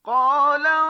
qala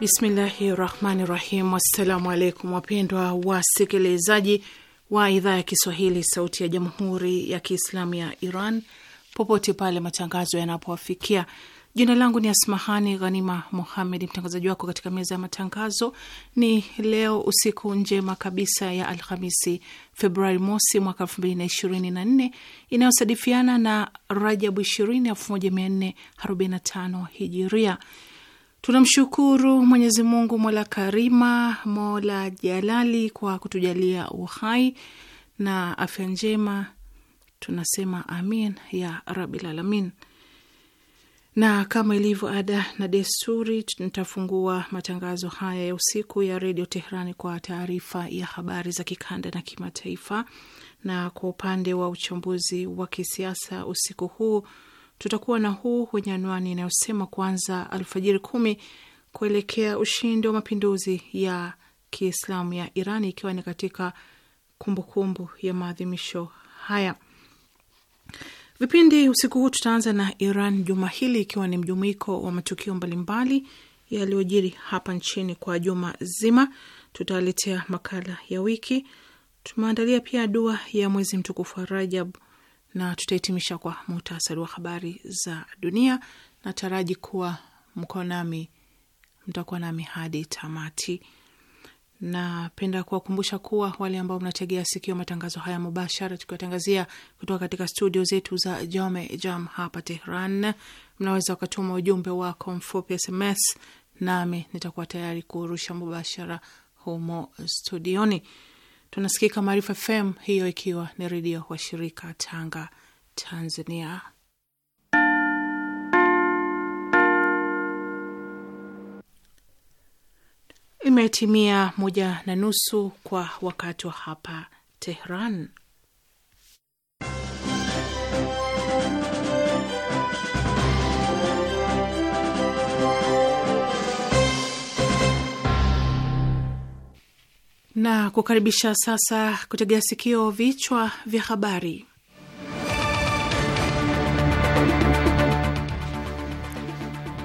Bismillahi rahmani rahim. Assalamu alaikum wapendwa wasikilizaji wa idhaa ya Kiswahili sauti ya jamhuri ya Kiislamu ya Iran popote pale matangazo yanapowafikia. Jina langu ni Asmahani Ghanima Muhammed, mtangazaji wako katika meza ya matangazo. Ni leo usiku njema kabisa ya Alhamisi, Februari mosi mwaka elfu mbili na ishirini na nne inayosadifiana na Rajabu ishirini elfu moja mia nne arobaini na tano hijiria Tunamshukuru Mwenyezi Mungu mola karima, mola jalali kwa kutujalia uhai na afya njema. Tunasema amin ya rabil alamin. Na kama ilivyo ada na desturi, nitafungua matangazo haya ya usiku ya redio Teherani kwa taarifa ya habari za kikanda na kimataifa, na kwa upande wa uchambuzi wa kisiasa usiku huu tutakuwa na huu wenye anwani inayosema kuanza alfajiri kumi kuelekea ushindi wa mapinduzi ya Kiislamu ya Iran, ikiwa ni katika kumbukumbu kumbu ya maadhimisho haya. Vipindi usiku huu tutaanza na Iran juma hili, ikiwa ni mjumuiko wa matukio mbalimbali yaliyojiri hapa nchini kwa juma zima. Tutaletea makala ya wiki, tumeandalia pia dua ya mwezi mtukufu wa Rajab na tutahitimisha kwa muhtasari wa habari za dunia. Nataraji kuwa mko nami, mtakuwa nami hadi tamati. Napenda kuwakumbusha kuwa wale ambao mnategea sikio matangazo haya mubashara, tukiwatangazia kutoka katika studio zetu za Jome Jam hapa Tehran, mnaweza wakatuma ujumbe wako mfupi SMS, nami nitakuwa tayari kurusha mubashara humo studioni. Tunasikika Maarifa FM, hiyo ikiwa ni redio wa shirika Tanga, Tanzania. Imetimia moja na nusu kwa wakati wa hapa Tehran. na kukaribisha sasa kutegea sikio vichwa vya habari.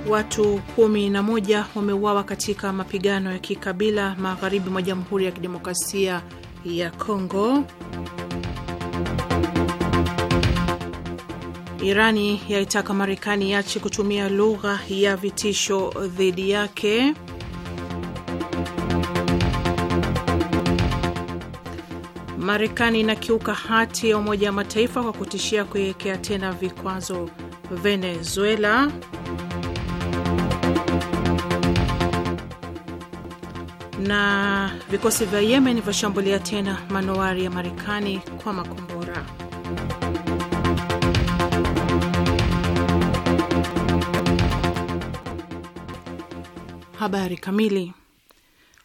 Watu kumi na moja wameuawa katika mapigano ya kikabila magharibi mwa Jamhuri ya Kidemokrasia ya Kongo. Irani yaitaka Marekani iache kutumia lugha ya vitisho dhidi yake. Marekani inakiuka hati ya Umoja wa Mataifa kwa kutishia kuiwekea tena vikwazo Venezuela. Na vikosi vya Yemen vyashambulia tena manowari ya Marekani kwa makombora. Habari kamili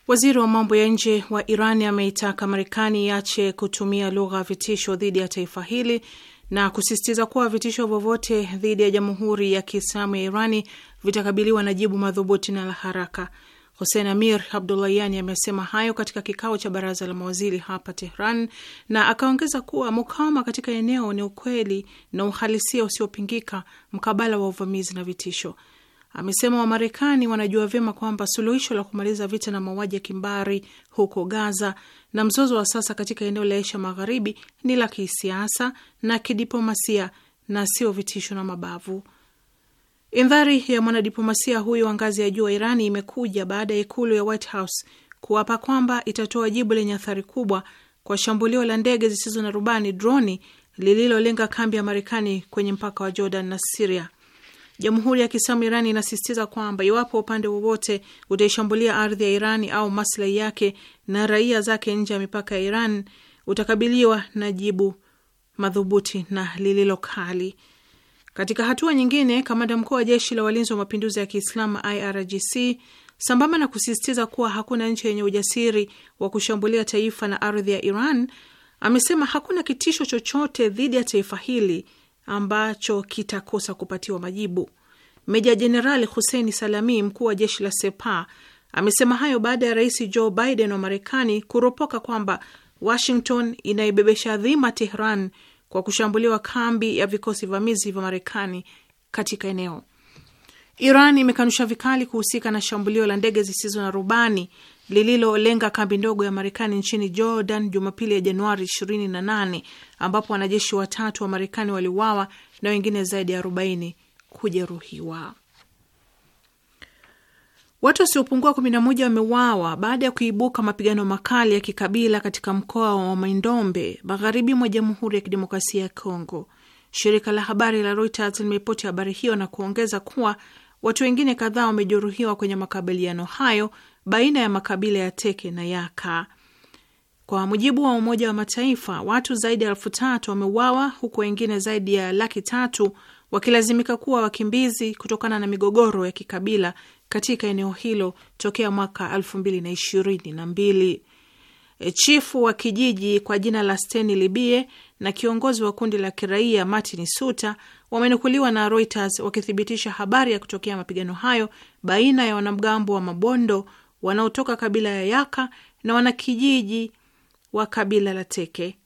Waziri wa mambo ya nje wa Iran ameitaka Marekani iache kutumia lugha ya vitisho dhidi ya taifa hili na kusisitiza kuwa vitisho vyovyote dhidi ya Jamhuri ya Kiislamu ya Irani vitakabiliwa na jibu madhubuti na la haraka. Hussein Amir Abdullahiani amesema hayo katika kikao cha baraza la mawaziri hapa Tehran, na akaongeza kuwa mukawama katika eneo ni ukweli na uhalisia usiopingika mkabala wa uvamizi na vitisho amesema Wamarekani wanajua vyema kwamba suluhisho la kumaliza vita na mauaji ya kimbari huko Gaza na mzozo wa sasa katika eneo la Asia Magharibi ni la kisiasa na kidiplomasia na sio vitisho na mabavu. Indhari ya mwanadiplomasia huyo wa ngazi ya juu wa Irani imekuja baada ya ikulu ya White House kuapa kwamba itatoa jibu lenye athari kubwa kwa shambulio la ndege zisizo na rubani droni lililolenga kambi ya Marekani kwenye mpaka wa Jordan na Siria. Jamhuri ya Kiislamu Iran inasisitiza kwamba iwapo upande wowote utaishambulia ardhi ya Irani au maslahi yake na raia zake nje ya mipaka ya Iran utakabiliwa na jibu madhubuti na lililo kali. Katika hatua nyingine, kamanda mkuu wa jeshi la walinzi wa mapinduzi ya Kiislamu IRGC sambamba na kusisitiza kuwa hakuna nchi yenye ujasiri wa kushambulia taifa na ardhi ya Iran, amesema hakuna kitisho chochote dhidi ya taifa hili ambacho kitakosa kupatiwa majibu. Meja Jenerali huseni Salami, mkuu wa jeshi la Sepa, amesema hayo baada ya rais Joe Biden wa Marekani kuropoka kwamba Washington inaibebesha dhima Tehran kwa kushambuliwa kambi ya vikosi vamizi vya Marekani katika eneo. Iran imekanusha vikali kuhusika na shambulio la ndege zisizo na rubani lililolenga kambi ndogo ya Marekani nchini Jordan Jumapili ya Januari 28 ambapo wanajeshi watatu wa Marekani waliuawa na wengine zaidi ya 40 kujeruhiwa. Watu wasiopungua 11 wameuawa baada ya kuibuka mapigano makali ya kikabila katika mkoa wa Maindombe, magharibi mwa Jamhuri ya Kidemokrasia ya Kongo. Shirika la habari la Reuters limeripoti habari hiyo na kuongeza kuwa watu wengine kadhaa wamejeruhiwa kwenye makabiliano hayo baina ya makabila ya Teke na Yaka. Kwa mujibu wa Umoja wa Mataifa, watu zaidi ya elfu tatu wameuawa huku wengine zaidi ya laki tatu wakilazimika kuwa wakimbizi kutokana na migogoro ya kikabila katika eneo hilo tokea mwaka elfu mbili na ishirini na mbili. E, chifu wa kijiji kwa jina la Steni Libie na kiongozi wa kundi la kiraia Martin Suta wamenukuliwa na Reuters wakithibitisha habari ya kutokea mapigano hayo baina ya wanamgambo wa Mabondo wanaotoka kabila ya Yaka na wanakijiji wa kabila la Teke.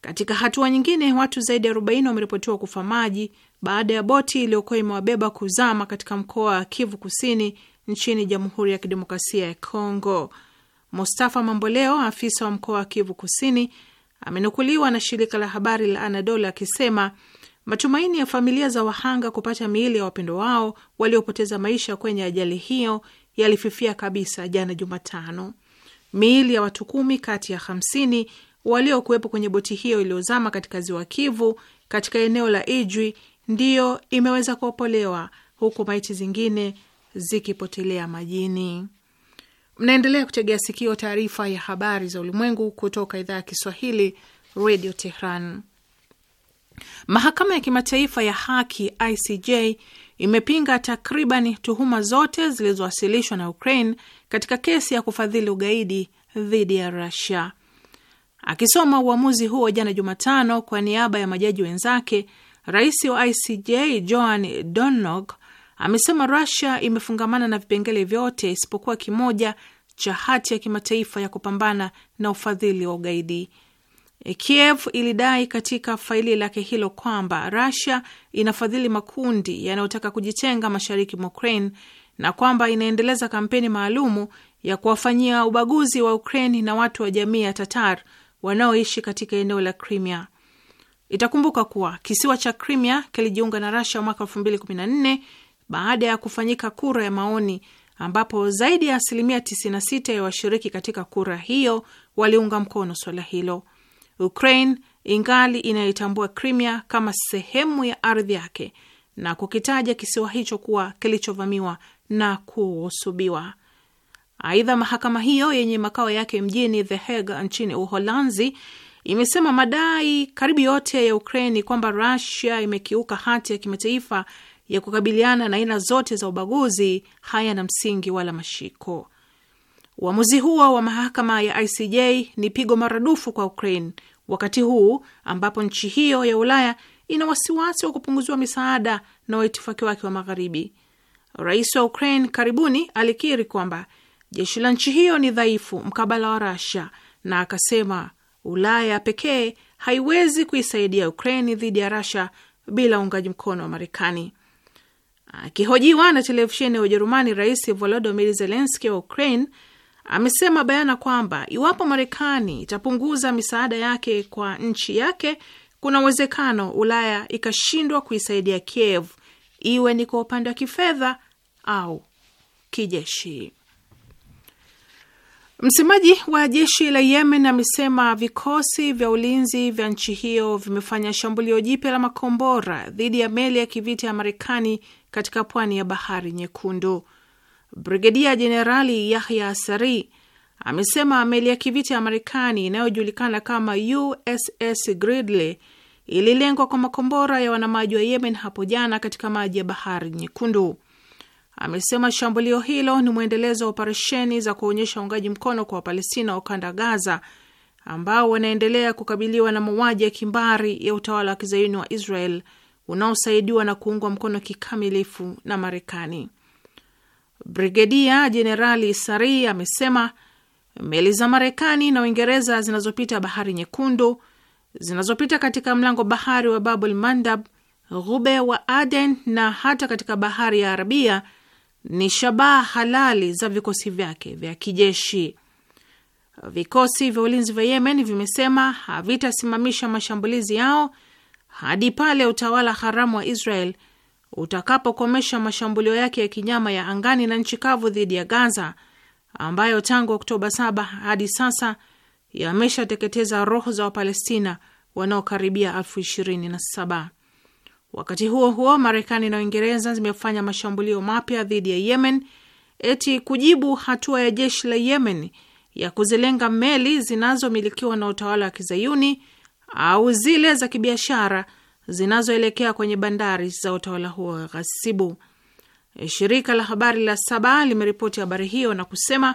Katika hatua nyingine, watu zaidi ya 40 wameripotiwa kufa maji baada ya boti iliyokuwa imewabeba kuzama katika mkoa wa Kivu Kusini nchini Jamhuri ya Kidemokrasia ya Kongo. Mustafa Mamboleo, afisa wa mkoa wa Kivu Kusini, amenukuliwa na shirika la habari la Anadolu akisema matumaini ya familia za wahanga kupata miili ya wapendo wao waliopoteza maisha kwenye ajali hiyo yalififia kabisa jana Jumatano. Miili ya watu kumi kati ya hamsini waliokuwepo kwenye boti hiyo iliyozama katika ziwa Kivu katika eneo la Ijwi ndiyo imeweza kuopolewa huku maiti zingine zikipotelea majini. Mnaendelea kutegea sikio taarifa ya habari za ulimwengu kutoka idhaa ya Kiswahili, Radio Tehran. Mahakama ya Kimataifa ya Haki, ICJ, imepinga takribani tuhuma zote zilizowasilishwa na Ukraine katika kesi ya kufadhili ugaidi dhidi ya rusia Akisoma uamuzi huo jana Jumatano kwa niaba ya majaji wenzake, rais wa ICJ Joan Donog amesema Rusia imefungamana na vipengele vyote isipokuwa kimoja cha hati ya kimataifa ya kupambana na ufadhili wa ugaidi. E, Kiev ilidai katika faili lake hilo kwamba Russia inafadhili makundi yanayotaka kujitenga mashariki mwa Ukraine na kwamba inaendeleza kampeni maalumu ya kuwafanyia ubaguzi wa Ukraine na watu wa jamii ya Tatar wanaoishi katika eneo la Crimea. Itakumbuka kuwa kisiwa cha Crimea kilijiunga na Russia mwaka 2014 baada ya kufanyika kura ya maoni ambapo zaidi ya asilimia 96 ya washiriki katika kura hiyo waliunga mkono swala hilo. Ukraine ingali inayoitambua Crimea kama sehemu ya ardhi yake na kukitaja kisiwa hicho kuwa kilichovamiwa na kuhusubiwa. Aidha, mahakama hiyo yenye makao yake mjini The Hague nchini Uholanzi imesema madai karibu yote ya Ukraini kwamba Rusia imekiuka hati ya kimataifa ya kukabiliana na aina zote za ubaguzi hayana msingi wala mashiko. Uamuzi huo wa mahakama ya ICJ ni pigo maradufu kwa Ukraine wakati huu ambapo nchi hiyo ya Ulaya ina wasiwasi wa kupunguziwa misaada na waitifaki wake wa Magharibi. Rais wa Ukraine karibuni alikiri kwamba jeshi la nchi hiyo ni dhaifu mkabala wa rusia na akasema Ulaya pekee haiwezi kuisaidia Ukraine dhidi ya rusia bila uungaji mkono wa Marekani. Akihojiwa na televisheni ya Ujerumani, Rais volodomir zelenski wa Ukraine amesema bayana kwamba iwapo Marekani itapunguza misaada yake kwa nchi yake, kuna uwezekano Ulaya ikashindwa kuisaidia Kiev, iwe ni kwa upande wa kifedha au kijeshi. Msemaji wa jeshi la Yemen amesema vikosi vya ulinzi vya nchi hiyo vimefanya shambulio jipya la makombora dhidi ya meli ya kivita ya Marekani katika pwani ya Bahari Nyekundu. Brigedia Jenerali Yahya sari amesema meli ya kivita ya Marekani inayojulikana kama USS Gridley ililengwa kwa makombora ya wanamaji wa Yemen hapo jana katika maji ya Bahari Nyekundu. Amesema shambulio hilo ni mwendelezo wa operesheni za kuonyesha uungaji mkono kwa Wapalestina wa ukanda Gaza ambao wanaendelea kukabiliwa na mauaji ya kimbari ya utawala wa kizayuni wa Israel unaosaidiwa na kuungwa mkono kikamilifu na Marekani. Brigedia Jenerali Sari amesema meli za Marekani na Uingereza zinazopita Bahari Nyekundu, zinazopita katika mlango bahari wa Babul Mandab, Ghube wa Aden na hata katika bahari ya Arabia ni shabaha halali za vikosi vyake vya kijeshi. Vikosi vya ulinzi vya Yemen vimesema havitasimamisha mashambulizi yao hadi pale utawala haramu wa Israel utakapokomesha mashambulio yake ya kinyama ya angani na nchi kavu dhidi ya Gaza ambayo tangu Oktoba 7 hadi sasa yameshateketeza roho za Wapalestina wanaokaribia elfu ishirini na saba. Wakati huo huo, Marekani na Uingereza zimefanya mashambulio mapya dhidi ya Yemen eti kujibu hatua ya jeshi la Yemen ya kuzilenga meli zinazomilikiwa na utawala wa kizayuni au zile za kibiashara zinazoelekea kwenye bandari za utawala huo ghasibu. E, shirika la habari la Saba limeripoti habari hiyo na kusema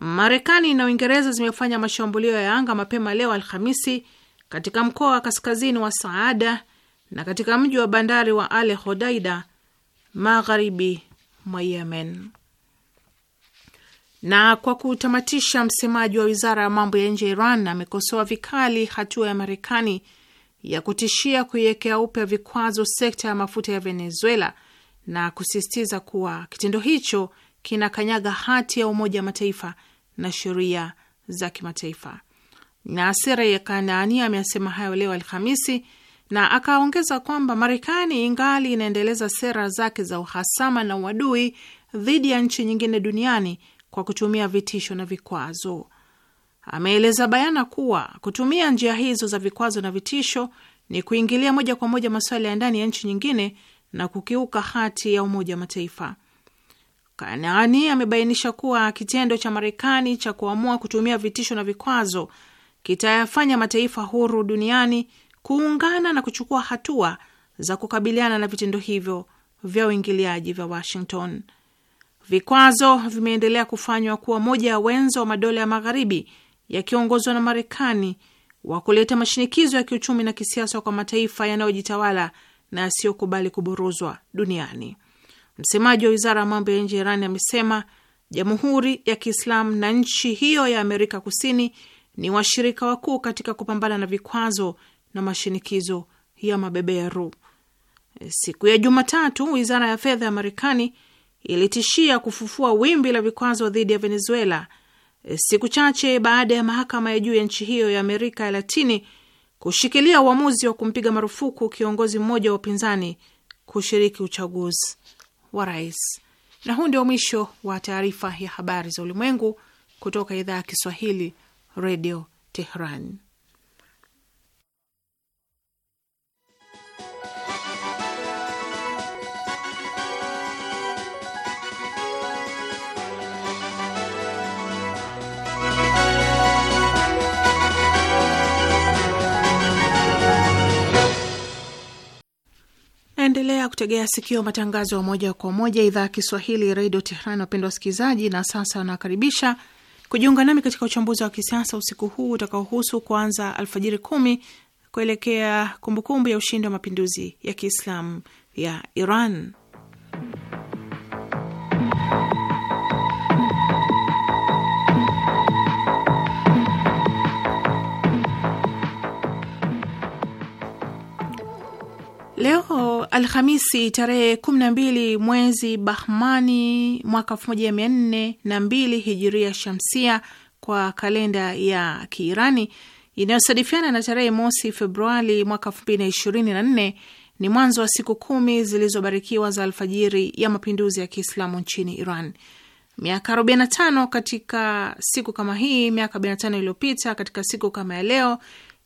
Marekani na Uingereza zimefanya mashambulio ya anga mapema leo Alhamisi katika mkoa wa kaskazini wa Saada na katika mji wa bandari wa Al Hodaida magharibi mwa Yemen. Na kwa kutamatisha, msemaji wa wizara ya mambo ya nje ya Iran amekosoa vikali hatua ya Marekani ya kutishia kuiwekea upya vikwazo sekta ya mafuta ya Venezuela na kusisitiza kuwa kitendo hicho kinakanyaga hati ya Umoja wa Mataifa na sheria za kimataifa. sera ya Kanaani ameasema hayo leo Alhamisi na akaongeza kwamba Marekani ingali inaendeleza sera zake za uhasama na uadui dhidi ya nchi nyingine duniani kwa kutumia vitisho na vikwazo ameeleza bayana kuwa kutumia njia hizo za vikwazo na vitisho ni kuingilia moja kwa moja masuala ya ndani ya nchi nyingine na kukiuka hati ya Umoja wa Mataifa. Kanaani amebainisha kuwa kitendo cha Marekani cha kuamua kutumia vitisho na vikwazo kitayafanya mataifa huru duniani kuungana na kuchukua hatua za kukabiliana na vitendo hivyo vya uingiliaji vya Washington. Vikwazo vimeendelea kufanywa kuwa moja ya wenzo wa madola ya Magharibi yakiongozwa na Marekani wa kuleta mashinikizo ya kiuchumi na kisiasa kwa mataifa yanayojitawala na yasiyokubali kuburuzwa duniani. Msemaji wa wizara ya mambo ya nje ya Irani amesema Jamhuri ya Kiislamu na nchi hiyo ya Amerika Kusini ni washirika wakuu katika kupambana na vikwazo na mashinikizo ya mabeberu. Siku ya Jumatatu, wizara ya fedha ya Marekani ilitishia kufufua wimbi la vikwazo dhidi ya Venezuela E, siku chache baada ya mahakama ya juu ya nchi hiyo ya Amerika ya Latini kushikilia uamuzi wa kumpiga marufuku kiongozi mmoja wa upinzani kushiriki uchaguzi wa rais. Na huu ndio mwisho wa taarifa ya habari za ulimwengu kutoka idhaa ya Kiswahili, Redio Tehran. Mnaendelea kutegea sikio matangazo ya moja kwa moja idhaa ya Kiswahili redio tehran wapendwa wasikilizaji. Na sasa nakaribisha kujiunga nami katika uchambuzi wa kisiasa usiku huu utakaohusu kuanza alfajiri kumi kuelekea kumbukumbu ya ushindi wa mapinduzi ya Kiislamu ya Iran. Leo Alhamisi tarehe kumi na mbili mwezi Bahmani mwaka mia na mbili hijiria shamsia kwa kalenda ya Kiirani inayosadifiana na tarehe mosi Februari mwaka na nne ni mwanzo wa siku kumi zilizobarikiwa za alfajiri ya mapinduzi ya Kiislamu nchini Iran. Miaka 45 katika siku kama hii, miaka 45 iliyopita katika siku kama ya leo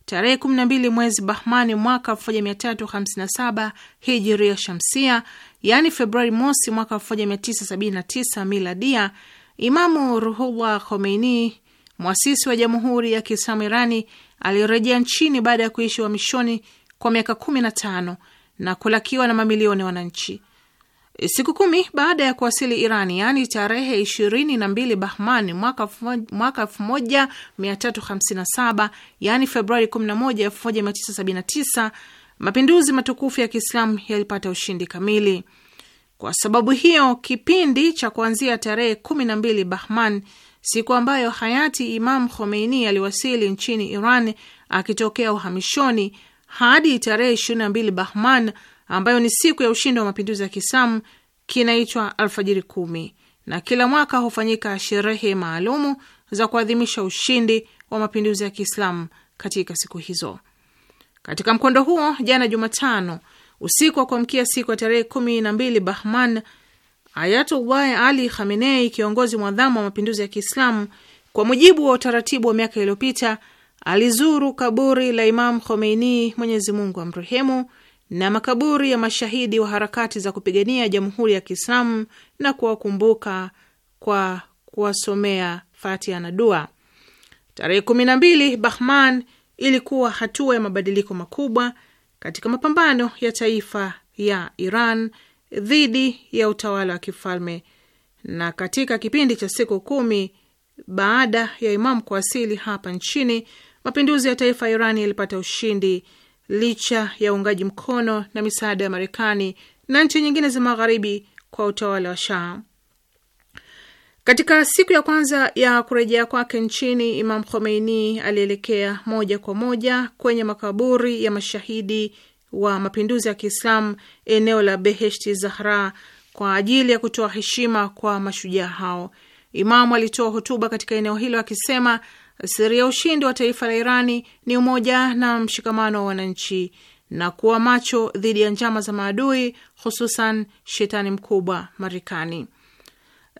tarehe 12 mwezi Bahmani mwaka 1357 hijiria shamsia, yaani Februari mosi mwaka 1979 miladia, Imamu Ruhullah Khomeini, mwasisi wa Jamhuri ya Kiislamu Irani, alirejea nchini baada ya kuishi uhamishoni kwa miaka 15 na kulakiwa na mamilioni wananchi. Siku kumi baada ya kuwasili iran yaani tarehe ishirini na mbili Bahman mwaka elfu moja mia tatu hamsini na saba yaani Februari kumi na moja elfu moja mia tisa sabini na tisa mapinduzi matukufu ya Kiislamu yalipata ushindi kamili. Kwa sababu hiyo, kipindi cha kuanzia tarehe kumi na mbili Bahman, siku ambayo hayati Imam Khomeini aliwasili nchini Iran akitokea uhamishoni, hadi tarehe ishirini na mbili Bahman ambayo ni siku ya ushindi wa mapinduzi ya Kiislamu kinaitwa Alfajiri Kumi, na kila mwaka hufanyika sherehe maalumu za kuadhimisha ushindi wa mapinduzi ya Kiislamu katika siku hizo. Katika mkondo huo, jana Jumatano usiku wa kuamkia siku ya tarehe kumi na mbili Bahman, Ayatullah Ali Khamenei, kiongozi mwadhamu wa mapinduzi ya Kiislamu, kwa mujibu wa utaratibu wa miaka iliyopita, alizuru kaburi la Imam Khomeini, Mwenyezi Mungu amrehemu, na makaburi ya mashahidi wa harakati za kupigania jamhuri ya Kiislamu na kuwakumbuka kwa kuwasomea fatia na dua. Tarehe kumi na mbili Bahman ilikuwa hatua ya mabadiliko makubwa katika mapambano ya taifa ya Iran dhidi ya utawala wa kifalme, na katika kipindi cha siku kumi baada ya Imamu kuwasili hapa nchini, mapinduzi ya taifa ya Iran yalipata ushindi licha ya uungaji mkono na misaada ya Marekani na nchi nyingine za Magharibi kwa utawala wa Shah. Katika siku ya kwanza ya kurejea kwake nchini, Imam Khomeini alielekea moja kwa moja kwenye makaburi ya mashahidi wa mapinduzi ya Kiislamu eneo la Beheshti Zahra kwa ajili ya kutoa heshima kwa mashujaa hao. Imamu alitoa hotuba katika eneo hilo akisema Siri ya ushindi wa taifa la Irani ni umoja na mshikamano wa wananchi na kuwa macho dhidi ya njama za maadui, hususan shetani mkubwa Marekani.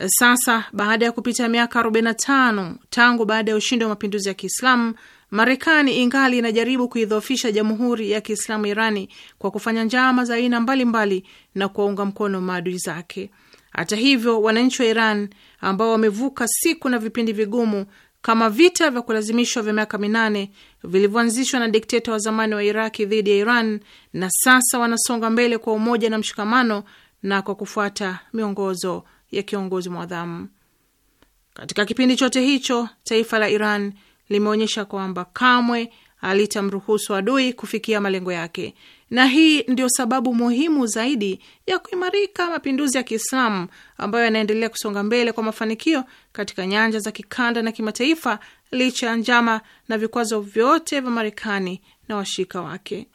Sasa baada ya kupita miaka 45 tangu baada ya ushindi wa mapinduzi ya Kiislamu, Marekani ingali inajaribu kuidhoofisha jamhuri ya Kiislamu Irani kwa kufanya njama za aina mbalimbali na kuwaunga mkono maadui zake. Hata hivyo, wananchi wa Iran ambao wamevuka siku na vipindi vigumu kama vita vya kulazimishwa vya miaka minane vilivyoanzishwa na dikteta wa zamani wa Iraki dhidi ya Iran, na sasa wanasonga mbele kwa umoja na mshikamano na kwa kufuata miongozo ya kiongozi mwadhamu. Katika kipindi chote hicho, taifa la Iran limeonyesha kwamba kamwe alitamruhusu adui kufikia malengo yake na hii ndio sababu muhimu zaidi ya kuimarika mapinduzi ya Kiislamu ambayo yanaendelea kusonga mbele kwa mafanikio katika nyanja za kikanda na kimataifa licha ya njama na vikwazo vyote vya Marekani na washirika wake.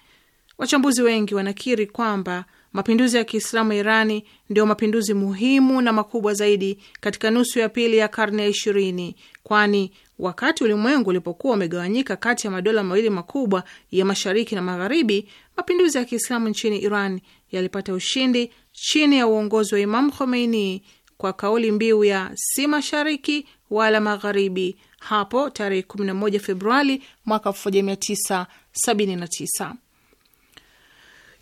Wachambuzi wengi wanakiri kwamba mapinduzi ya Kiislamu Irani ndio mapinduzi muhimu na makubwa zaidi katika nusu ya pili ya karne ya ishirini, kwani Wakati ulimwengu ulipokuwa umegawanyika kati ya madola mawili makubwa ya mashariki na magharibi, mapinduzi ya Kiislamu nchini Iran yalipata ushindi chini ya uongozi wa Imam Khomeini kwa kauli mbiu ya si mashariki wala magharibi hapo tarehe 11 Februari mwaka 1979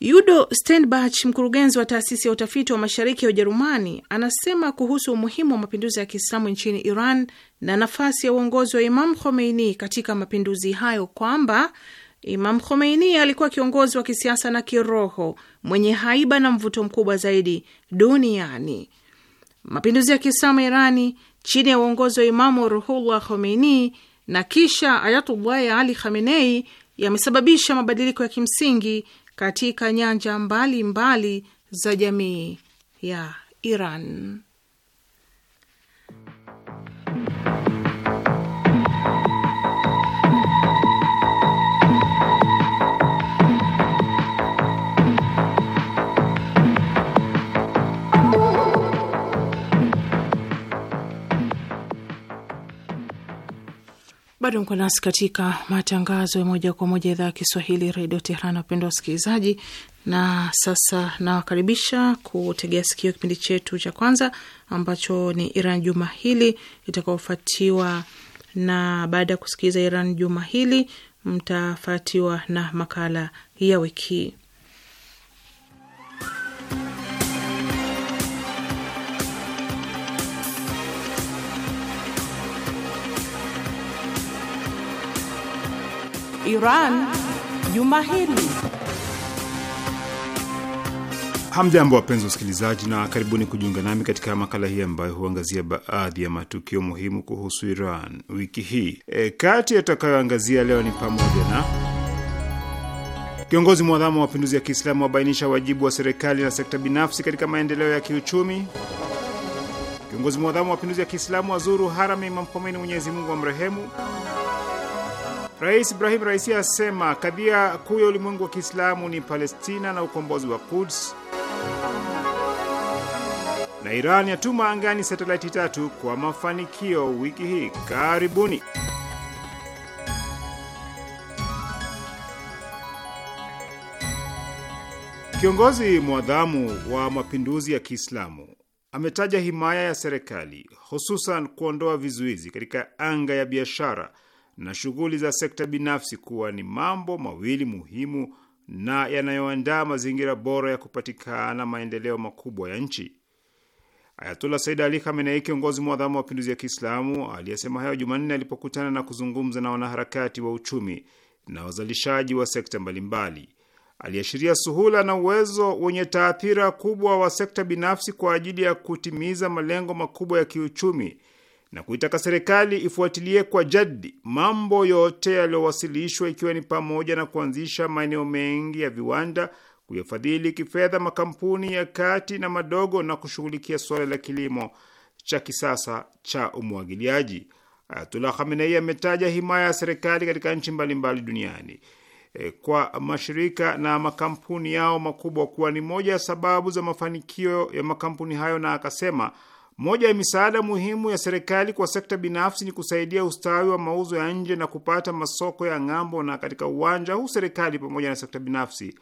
yudo stenbach mkurugenzi wa taasisi ya utafiti wa mashariki ya Ujerumani, anasema kuhusu umuhimu wa mapinduzi ya Kiislamu nchini Iran na nafasi ya uongozi wa Imam Khomeini katika mapinduzi hayo kwamba Imam Khomeini alikuwa kiongozi wa kisiasa na kiroho mwenye haiba na mvuto mkubwa zaidi duniani. Mapinduzi ya Kiislamu Irani chini ya uongozi wa Imamu Ruhullah Khomeini na kisha Ayatullahi Ali Khamenei yamesababisha mabadiliko ya kimsingi katika nyanja mbalimbali mbali za jamii ya Iran. Bado mko nasi katika matangazo ya moja kwa moja idhaa ya Kiswahili redio Tehran, wapendwa wasikilizaji. Na sasa nawakaribisha kutegea sikio kipindi chetu cha kwanza ambacho ni Iran juma hili, itakaofuatiwa na baada ya kusikiliza Iran juma hili mtafatiwa na makala ya wiki Iran juma hili. Hamjambo, wapenzi wasikilizaji, na karibuni kujiunga nami katika makala hii ambayo huangazia baadhi ya matukio muhimu kuhusu Iran wiki hii. E, kati yatakayoangazia leo ni pamoja na kiongozi mwadhamu wa mapinduzi ya Kiislamu wabainisha wajibu wa serikali na sekta binafsi katika maendeleo ya kiuchumi. Kiongozi mwadhamu wa mapinduzi ya Kiislamu wazuru haram ya Imam Khomeini, Mwenyezi Mungu wa mrehemu. Rais Ibrahim Raisi asema kadhia kuu ya ulimwengu wa Kiislamu ni Palestina na ukombozi wa Kuds, na Iran yatuma angani satelaiti tatu kwa mafanikio wiki hii. Karibuni. Kiongozi mwadhamu wa mapinduzi ya Kiislamu ametaja himaya ya serikali, hususan kuondoa vizuizi katika anga ya biashara na shughuli za sekta binafsi kuwa ni mambo mawili muhimu na yanayoandaa mazingira bora ya kupatikana maendeleo makubwa ya nchi. Ayatullah Said Ali Khamenei, kiongozi mwadhamu wa mapinduzi ya Kiislamu, aliyesema hayo Jumanne alipokutana na kuzungumza na wanaharakati wa uchumi na wazalishaji wa sekta mbalimbali. Aliashiria suhula na uwezo wenye taathira kubwa wa sekta binafsi kwa ajili ya kutimiza malengo makubwa ya kiuchumi na kuitaka serikali ifuatilie kwa jadi mambo yote yaliyowasilishwa ikiwa ni pamoja na kuanzisha maeneo mengi ya viwanda, kuyafadhili kifedha makampuni ya kati na madogo na kushughulikia suala la kilimo cha kisasa cha umwagiliaji. Ayatullah Khamenei ametaja himaya ya serikali katika nchi mbalimbali duniani e, kwa mashirika na makampuni yao makubwa kuwa ni moja ya sababu za mafanikio ya makampuni hayo, na akasema moja ya misaada muhimu ya serikali kwa sekta binafsi ni kusaidia ustawi wa mauzo ya nje na kupata masoko ya ng'ambo, na katika uwanja huu serikali pamoja na sekta binafsi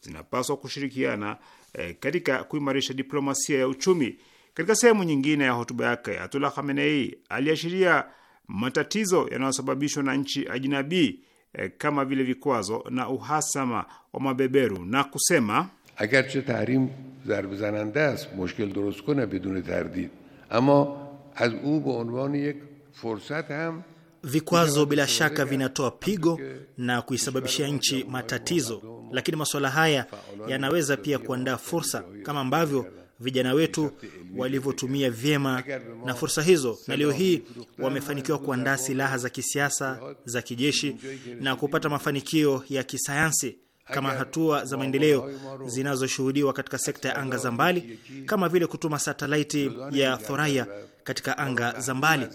zinapaswa kushirikiana eh, katika kuimarisha diplomasia ya uchumi. Katika sehemu nyingine ya hotuba yake, Ayatullah Khamenei aliashiria matatizo yanayosababishwa na nchi ajinabii eh, kama vile vikwazo na uhasama wa mabeberu na kusema agarche tahrim zarb zananda ast mushkil durust kone bedune tardid اما از او به عنوان یک فرصت هم Vikwazo bila shaka vinatoa pigo na kuisababishia nchi matatizo, lakini masuala haya yanaweza pia kuandaa fursa, kama ambavyo vijana wetu walivyotumia vyema na fursa hizo, na leo hii wamefanikiwa kuandaa silaha za kisiasa, za kijeshi na kupata mafanikio ya kisayansi kama hatua za maendeleo zinazoshuhudiwa katika sekta ya anga za mbali kama vile kutuma satelaiti ya Thoraya katika anga za mbali.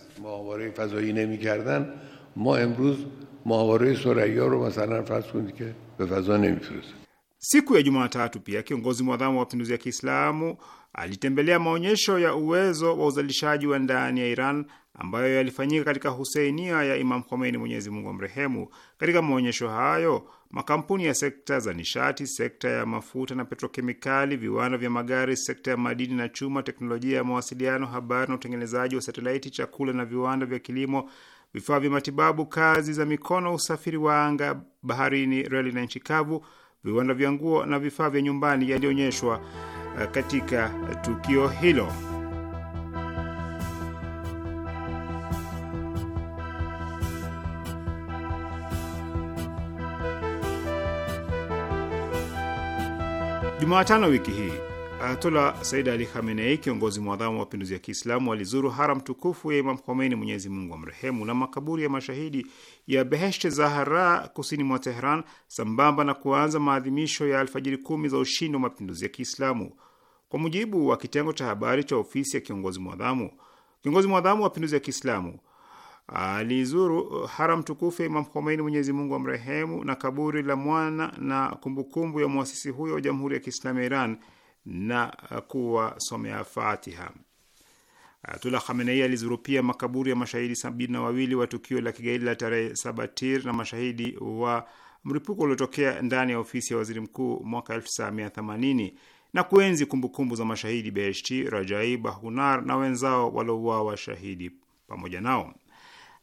Siku ya Jumatatu pia kiongozi mwadhamu wa mapinduzi ya Kiislamu alitembelea maonyesho ya uwezo wa uzalishaji wa ndani ya Iran ambayo yalifanyika katika Huseinia ya Imam Khomeini, Mwenyezi Mungu amrehemu. Katika maonyesho hayo makampuni ya sekta za nishati, sekta ya mafuta na petrokemikali, viwanda vya magari, sekta ya madini na chuma, teknolojia ya mawasiliano, habari na utengenezaji wa satelaiti, chakula na viwanda vya kilimo, vifaa vya matibabu, kazi za mikono, usafiri wa anga, baharini, reli na nchi kavu, viwanda vya nguo na vifaa vya nyumbani yalionyeshwa eh, katika tukio hilo. Jumatano wiki hii Ayatola Said Ali Khamenei, kiongozi mwadhamu wa mapinduzi ya Kiislamu, alizuru haram tukufu ya Imam Khomeini, Mwenyezi Mungu wa mrehemu na makaburi ya mashahidi ya Behesht Zahara kusini mwa Tehran, sambamba na kuanza maadhimisho ya alfajiri kumi za ushindi wa mapinduzi ya Kiislamu. Kwa mujibu wa kitengo cha habari cha ofisi ya kiongozi mwadhamu, kiongozi mwadhamu wa mapinduzi ya Kiislamu alizuru ah, uh, haram tukufu ya Imam Khomeini, Mwenyezi Mungu amrehemu, na kaburi la mwana na kumbukumbu ya mwasisi huyo wa Jamhuri ya Kiislamu ya Iran na uh, kuwasomea Fatiha. Ayatullah ah, Khamenei alizuru pia makaburi ya mashahidi sabini na wawili wa tukio la kigaidi la tarehe Sabatir na mashahidi wa mripuko uliotokea ndani ya ofisi ya waziri mkuu mwaka 1980 na kuenzi kumbukumbu za mashahidi Beheshti, Rajai, Bahunar na wenzao waliouawa shahidi pamoja nao.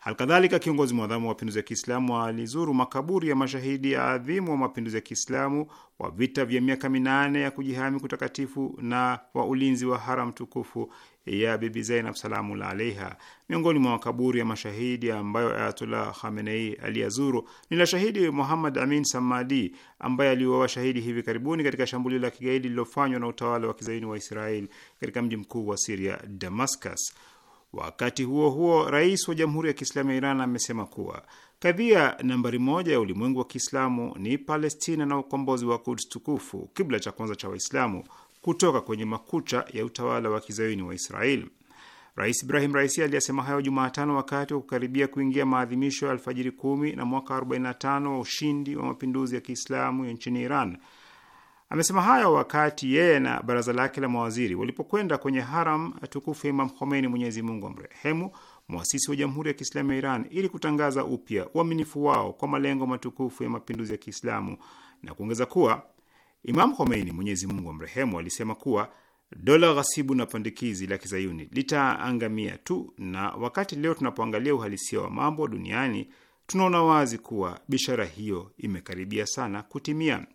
Halkadhalika, kiongozi mwadhamu wa mapinduzi ya Kiislamu alizuru makaburi ya mashahidi ya adhimu wa mapinduzi ya Kiislamu wa vita vya miaka minane ya kujihami kutakatifu na wa ulinzi wa haram tukufu ya Bibi Zainab salamullah alaiha. Miongoni mwa makaburi ya mashahidi ambayo Ayatullah Khamenei aliyazuru ni la shahidi Muhammad Amin Samadi ambaye aliuawa shahidi hivi karibuni katika shambulio la kigaidi lililofanywa na utawala wa kizaini wa Israeli katika mji mkuu wa Siria, Damascus. Wakati huo huo, rais wa Jamhuri ya Kiislamu ya Iran amesema kuwa kadhia nambari moja ya ulimwengu wa Kiislamu ni Palestina na ukombozi wa Kuds tukufu, kibla cha kwanza cha Waislamu, kutoka kwenye makucha ya utawala wa kizayuni wa Israeli. Rais Ibrahim Raisi aliyesema hayo Jumatano wakati wa kukaribia kuingia maadhimisho ya Alfajiri kumi na mwaka 45 wa ushindi wa mapinduzi ya Kiislamu nchini Iran Amesema hayo wakati yeye na baraza lake la mawaziri walipokwenda kwenye haram tukufu ya Imam Khomeini, Mwenyezi Mungu amrehemu, mwasisi wa Jamhuri ya Kiislamu ya Iran, ili kutangaza upya uaminifu wao kwa malengo matukufu ya mapinduzi ya Kiislamu na kuongeza kuwa Imam Khomeini, Mwenyezi Mungu amrehemu, alisema kuwa dola ghasibu na pandikizi la kizayuni litaangamia tu, na wakati leo tunapoangalia uhalisia wa mambo duniani tunaona wazi kuwa bishara hiyo imekaribia sana kutimia.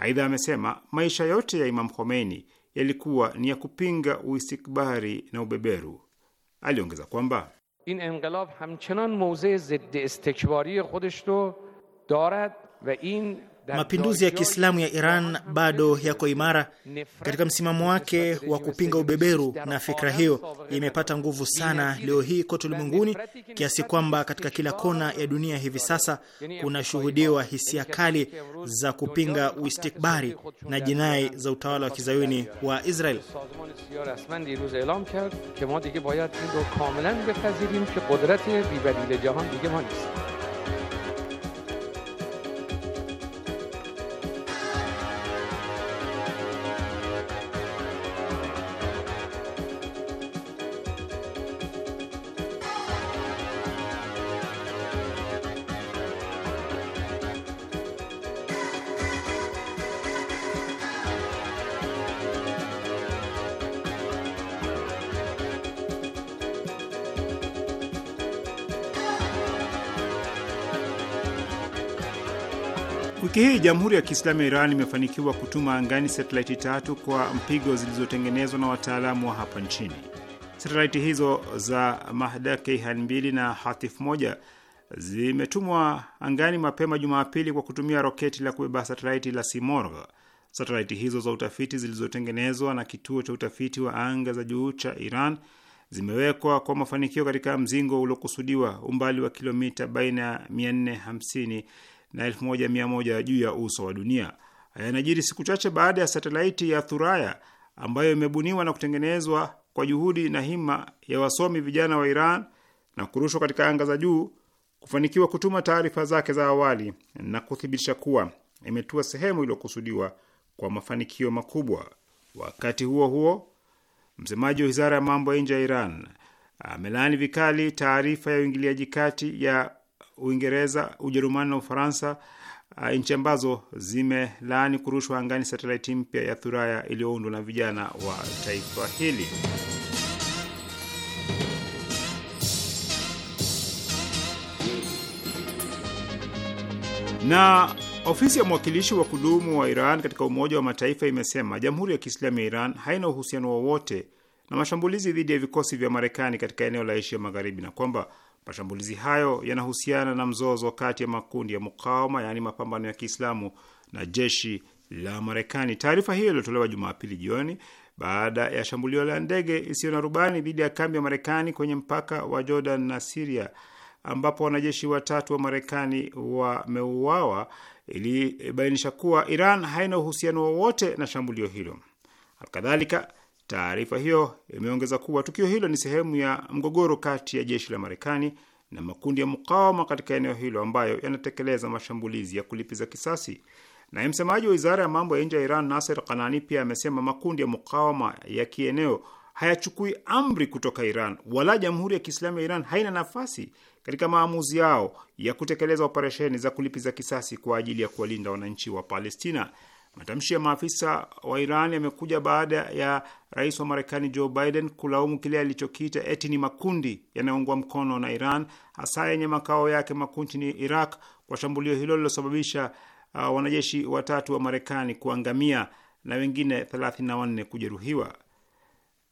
Aidha amesema maisha yote ya Imam Khomeini yalikuwa ni ya kupinga uistikbari na ubeberu. Aliongeza kwamba in inqilab hamchanan mawze zidd istikbari khodesh ro darad va in Mapinduzi ya Kiislamu ya Iran bado yako imara katika msimamo wake wa kupinga ubeberu, na fikra hiyo imepata nguvu sana leo hii kote ulimwenguni, kiasi kwamba katika kila kona ya dunia hivi sasa kunashuhudiwa hisia kali za kupinga uistikbari na jinai za utawala wa kizayuni wa Israel. Wiki hii Jamhuri ya Kiislamu ya Iran imefanikiwa kutuma angani satelaiti tatu kwa mpigo zilizotengenezwa na wataalamu wa hapa nchini. Satelaiti hizo za Mahda Keihan 2 na Hatif 1 zimetumwa angani mapema Jumapili kwa kutumia roketi la kubeba satelaiti la Simorgh. Satelaiti hizo za utafiti zilizotengenezwa na kituo cha utafiti wa anga za juu cha Iran zimewekwa kwa mafanikio katika mzingo uliokusudiwa, umbali wa kilomita baina ya 450 na 1100 juu ya uso wa dunia. Yanajiri siku chache baada ya satelaiti ya Thuraya ambayo imebuniwa na kutengenezwa kwa juhudi na hima ya wasomi vijana wa Iran na kurushwa katika anga za juu kufanikiwa kutuma taarifa zake za awali na kuthibitisha kuwa imetua sehemu iliyokusudiwa kwa mafanikio makubwa. Wakati huo huo, msemaji wa wizara ya mambo ya nje ya Iran amelaani vikali taarifa ya uingiliaji kati ya Uingereza, Ujerumani na Ufaransa, uh, nchi ambazo zimelaani kurushwa angani satelaiti mpya ya Thuraya iliyoundwa na vijana wa taifa hili. Na ofisi ya mwakilishi wa kudumu wa Iran katika Umoja wa Mataifa imesema Jamhuri ya Kiislamu ya Iran haina uhusiano wowote na mashambulizi dhidi ya vikosi vya Marekani katika eneo la Asia Magharibi na kwamba Mashambulizi hayo yanahusiana na mzozo kati ya makundi ya mukawama, yaani mapambano ya Kiislamu na jeshi la Marekani. Taarifa hiyo iliyotolewa Jumapili jioni baada ya shambulio la ndege isiyo na rubani dhidi ya kambi ya Marekani kwenye mpaka wa Jordan na Siria, ambapo wanajeshi watatu wa Marekani wameuawa, ilibainisha kuwa Iran haina uhusiano wowote na shambulio hilo. Alkadhalika, Taarifa hiyo imeongeza kuwa tukio hilo ni sehemu ya mgogoro kati ya jeshi la Marekani na makundi ya mukawama katika eneo hilo ambayo yanatekeleza mashambulizi ya kulipiza kisasi. Naye msemaji wa wizara ya mambo ya nje ya Iran, Nasser Kanani, pia amesema makundi ya mukawama ya kieneo hayachukui amri kutoka Iran wala Jamhuri ya Kiislamu ya Iran haina nafasi katika maamuzi yao ya kutekeleza operesheni za kulipiza kisasi kwa ajili ya kuwalinda wananchi wa Palestina. Matamshi ya maafisa wa Iran yamekuja baada ya rais wa Marekani Joe Biden kulaumu kile alichokiita eti ni makundi yanayoungwa mkono na Iran, hasa yenye makao yake makuu nchini Iraq, kwa shambulio hilo lililosababisha uh, wanajeshi watatu wa Marekani kuangamia na wengine 34 kujeruhiwa.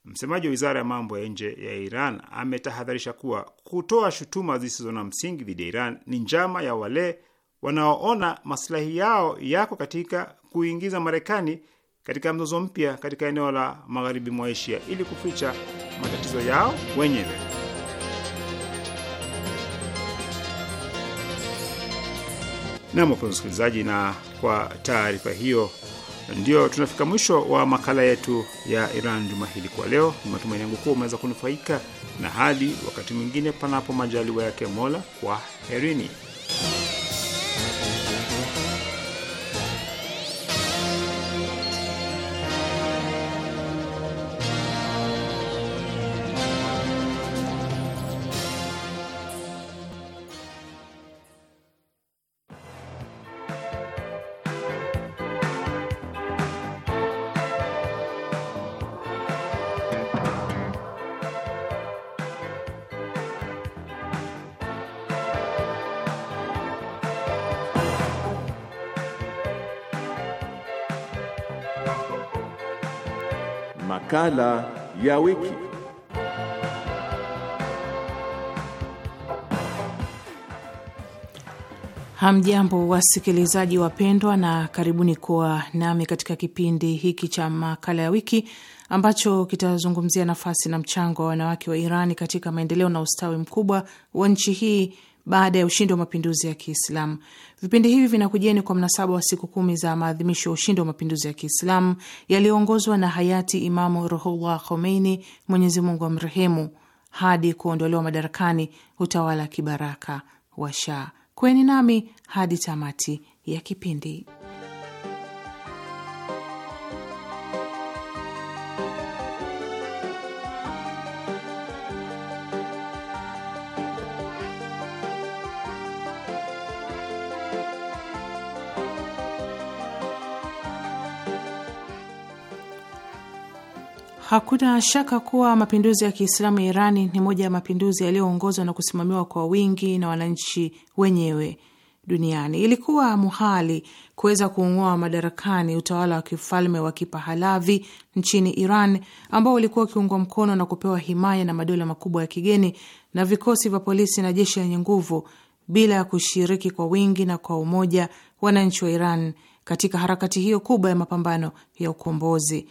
Msemaji wa wizara ya mambo ya nje ya Iran ametahadharisha kuwa kutoa shutuma zisizo na msingi dhidi ya Iran ni njama ya wale wanaoona maslahi yao yako katika kuingiza Marekani katika mzozo mpya katika eneo la magharibi mwa Asia ili kuficha matatizo yao wenyewe. Nam, wapenzi msikilizaji, na kwa taarifa hiyo ndio tunafika mwisho wa makala yetu ya Iran juma hili kwa leo. Ni matumaini yangu kuwa umeweza kunufaika, na hadi wakati mwingine, panapo majaliwa yake Mola, kwa herini. makala ya wiki. Hamjambo, wasikilizaji wapendwa, na karibuni kuwa nami katika kipindi hiki cha makala ya wiki ambacho kitazungumzia nafasi na mchango wa wanawake wa Irani katika maendeleo na ustawi mkubwa wa nchi hii baada ya ushindi wa mapinduzi ya Kiislamu. Vipindi hivi vinakujeni kwa mnasaba wa siku kumi za maadhimisho ya ushindi wa mapinduzi ya Kiislamu yaliyoongozwa na hayati Imamu Ruhullah Khomeini, Mwenyezi Mungu amrehemu, hadi kuondolewa madarakani utawala kibaraka wa Shah. Kweni nami hadi tamati ya kipindi. Hakuna shaka kuwa mapinduzi ya Kiislamu ya Irani ni moja ya mapinduzi yaliyoongozwa na kusimamiwa kwa wingi na wananchi wenyewe duniani. Ilikuwa muhali kuweza kuung'oa madarakani utawala wa kifalme wa Kipahalavi nchini Iran ambao ulikuwa ukiungwa mkono na kupewa himaya na madola makubwa ya kigeni na vikosi vya polisi na jeshi lenye nguvu, bila ya kushiriki kwa wingi na kwa umoja wananchi wa Iran katika harakati hiyo kubwa ya mapambano ya ukombozi.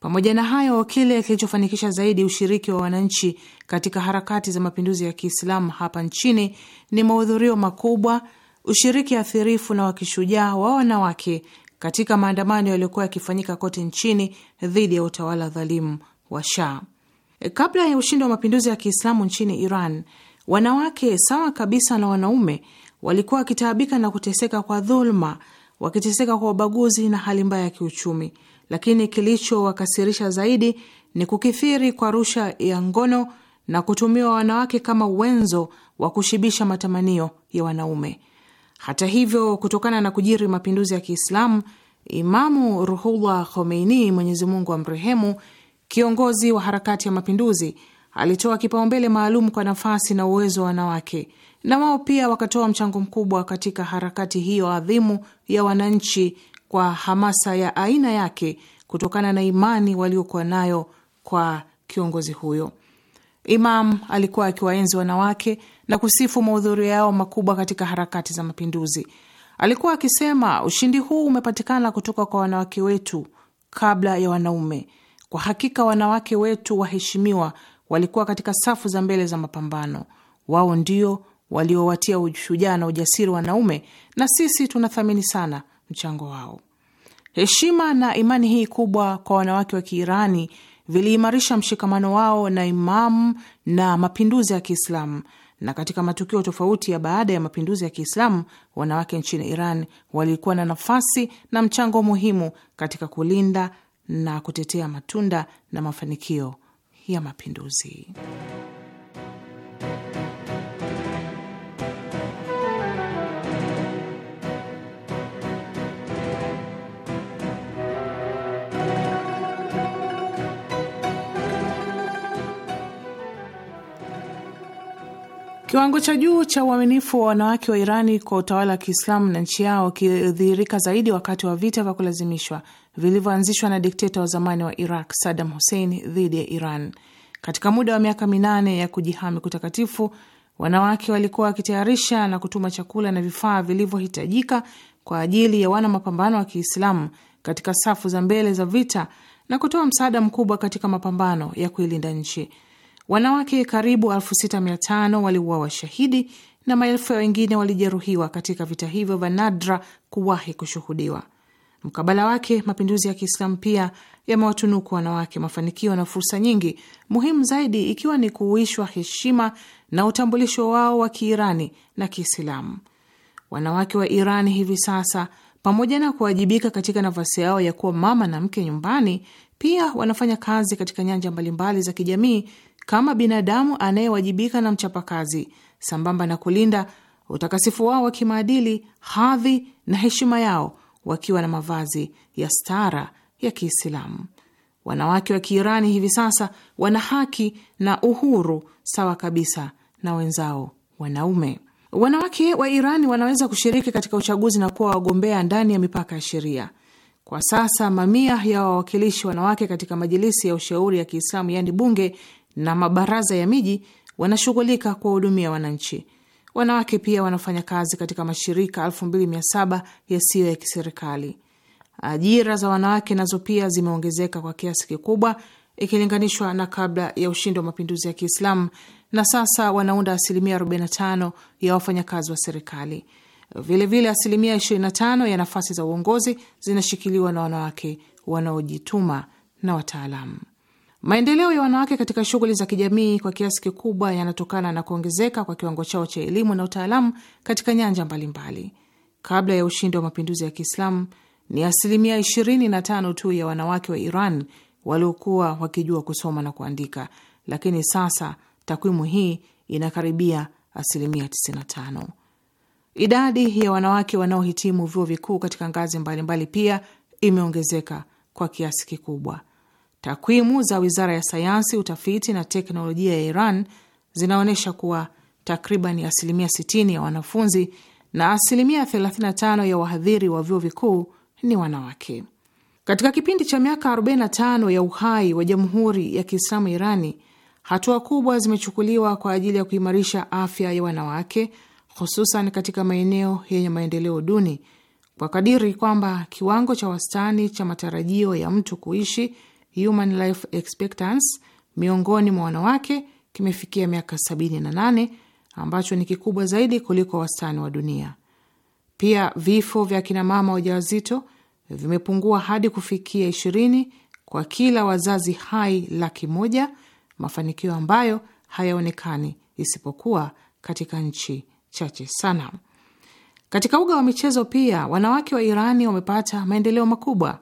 Pamoja na hayo, kile kilichofanikisha zaidi ushiriki wa wananchi katika harakati za mapinduzi ya Kiislamu hapa nchini ni mahudhurio makubwa, ushiriki athirifu na wakishujaa wa wanawake katika maandamano yaliyokuwa yakifanyika kote nchini dhidi ya utawala dhalimu wa Shah. Kabla ya ushindi wa mapinduzi ya Kiislamu nchini Iran, wanawake sawa kabisa na wanaume walikuwa wakitaabika na kuteseka kwa dhuluma, wakiteseka kwa ubaguzi na hali mbaya ya kiuchumi lakini kilichowakasirisha zaidi ni kukithiri kwa rusha ya ngono na kutumiwa wanawake kama wenzo wa kushibisha matamanio ya wanaume. Hata hivyo, kutokana na kujiri mapinduzi ya Kiislamu, Imamu Ruhullah Khomeini, Mwenyezi Mungu amrehemu, kiongozi wa harakati ya mapinduzi, alitoa kipaumbele maalum kwa nafasi na uwezo wa wanawake, na wao pia wakatoa mchango mkubwa katika harakati hiyo adhimu ya wananchi kwa hamasa ya aina yake kutokana na imani waliokuwa nayo kwa kiongozi huyo. Imam alikuwa akiwaenzi wanawake na kusifu mahudhurio yao makubwa katika harakati za mapinduzi. Alikuwa akisema, ushindi huu umepatikana kutoka kwa wanawake wetu kabla ya wanaume. Kwa hakika wanawake wetu waheshimiwa walikuwa katika safu za mbele za mapambano. Wao ndio waliowatia ushujaa na ujasiri wanaume, na sisi tunathamini sana mchango wao. Heshima na imani hii kubwa kwa wanawake wa Kiirani viliimarisha mshikamano wao na Imamu na mapinduzi ya Kiislamu, na katika matukio tofauti ya baada ya mapinduzi ya Kiislamu, wanawake nchini Iran walikuwa na nafasi na mchango muhimu katika kulinda na kutetea matunda na mafanikio ya mapinduzi. Kiwango cha juu cha uaminifu wa wanawake wa Irani kwa utawala wa Kiislamu na nchi yao kilidhihirika zaidi wakati wa vita vya kulazimishwa vilivyoanzishwa na dikteta wa zamani wa Iraq Saddam Hussein dhidi ya Iran. Katika muda wa miaka minane ya kujihami kutakatifu, wanawake walikuwa wakitayarisha na kutuma chakula na vifaa vilivyohitajika kwa ajili ya wana mapambano wa Kiislamu katika safu za mbele za vita na kutoa msaada mkubwa katika mapambano ya kuilinda nchi. Wanawake karibu 6500 waliuawa shahidi na maelfu ya wengine walijeruhiwa katika vita hivyo vya nadra kuwahi kushuhudiwa. Mkabala wake, mapinduzi ya Kiislamu pia yamewatunuku wanawake mafanikio na fursa nyingi, muhimu zaidi ikiwa ni kuuishwa heshima na utambulisho wao wa Kiirani na Kiislamu. Wanawake wa Irani hivi sasa, pamoja na kuwajibika katika nafasi yao ya kuwa mama na mke nyumbani, pia wanafanya kazi katika nyanja mbalimbali za kijamii kama binadamu anayewajibika na mchapakazi, sambamba na kulinda utakasifu wao wa kimaadili, hadhi na heshima yao, wakiwa na mavazi ya stara ya Kiislamu. Wanawake wa Kiirani hivi sasa wana haki na uhuru sawa kabisa na wenzao wanaume. Wanawake wa Irani wanaweza kushiriki katika uchaguzi na kuwa wagombea ndani ya mipaka ya sheria. Kwa sasa mamia ya wawakilishi wanawake katika majilisi ya ushauri ya Kiislamu, yaani bunge, na mabaraza ya miji wanashughulika kuwahudumia wananchi. Wanawake pia wanafanya kazi katika mashirika 2700 yasiyo ya kiserikali. Ajira za wanawake nazo pia zimeongezeka kwa kiasi kikubwa ikilinganishwa na kabla ya ushindi wa mapinduzi ya Kiislamu, na sasa wanaunda asilimia 45 ya wafanyakazi wa serikali. Vilevile vile asilimia 25 ya nafasi za uongozi zinashikiliwa na wanawake wanaojituma na wataalamu. Maendeleo ya wanawake katika shughuli za kijamii kwa kiasi kikubwa yanatokana na kuongezeka kwa kiwango chao cha elimu na utaalamu katika nyanja mbalimbali mbali. Kabla ya ushindi wa mapinduzi ya Kiislamu ni asilimia 25 tu ya wanawake wa Iran waliokuwa wakijua kusoma na kuandika, lakini sasa takwimu hii inakaribia asilimia 95. Idadi ya wanawake wanaohitimu vyuo vikuu katika ngazi mbalimbali mbali pia imeongezeka kwa kiasi kikubwa. Takwimu za wizara ya sayansi, utafiti na teknolojia ya Iran zinaonyesha kuwa takriban asilimia 60 ya wanafunzi na asilimia 35 ya wahadhiri wa vyuo vikuu ni wanawake. Katika kipindi cha miaka 45 ya uhai wa Jamhuri ya Kiislamu Irani, hatua kubwa zimechukuliwa kwa ajili ya kuimarisha afya ya wanawake, hususan katika maeneo yenye maendeleo duni, kwa kadiri kwamba kiwango cha wastani cha matarajio ya mtu kuishi Human Life Expectancy miongoni mwa wanawake kimefikia miaka 78 ambacho ni kikubwa zaidi kuliko wastani wa dunia. Pia vifo vya kinamama wajawazito vimepungua hadi kufikia 20 kwa kila wazazi hai laki moja, mafanikio ambayo hayaonekani isipokuwa katika nchi chache sana. Katika uga wa michezo pia wanawake wa Irani wamepata maendeleo makubwa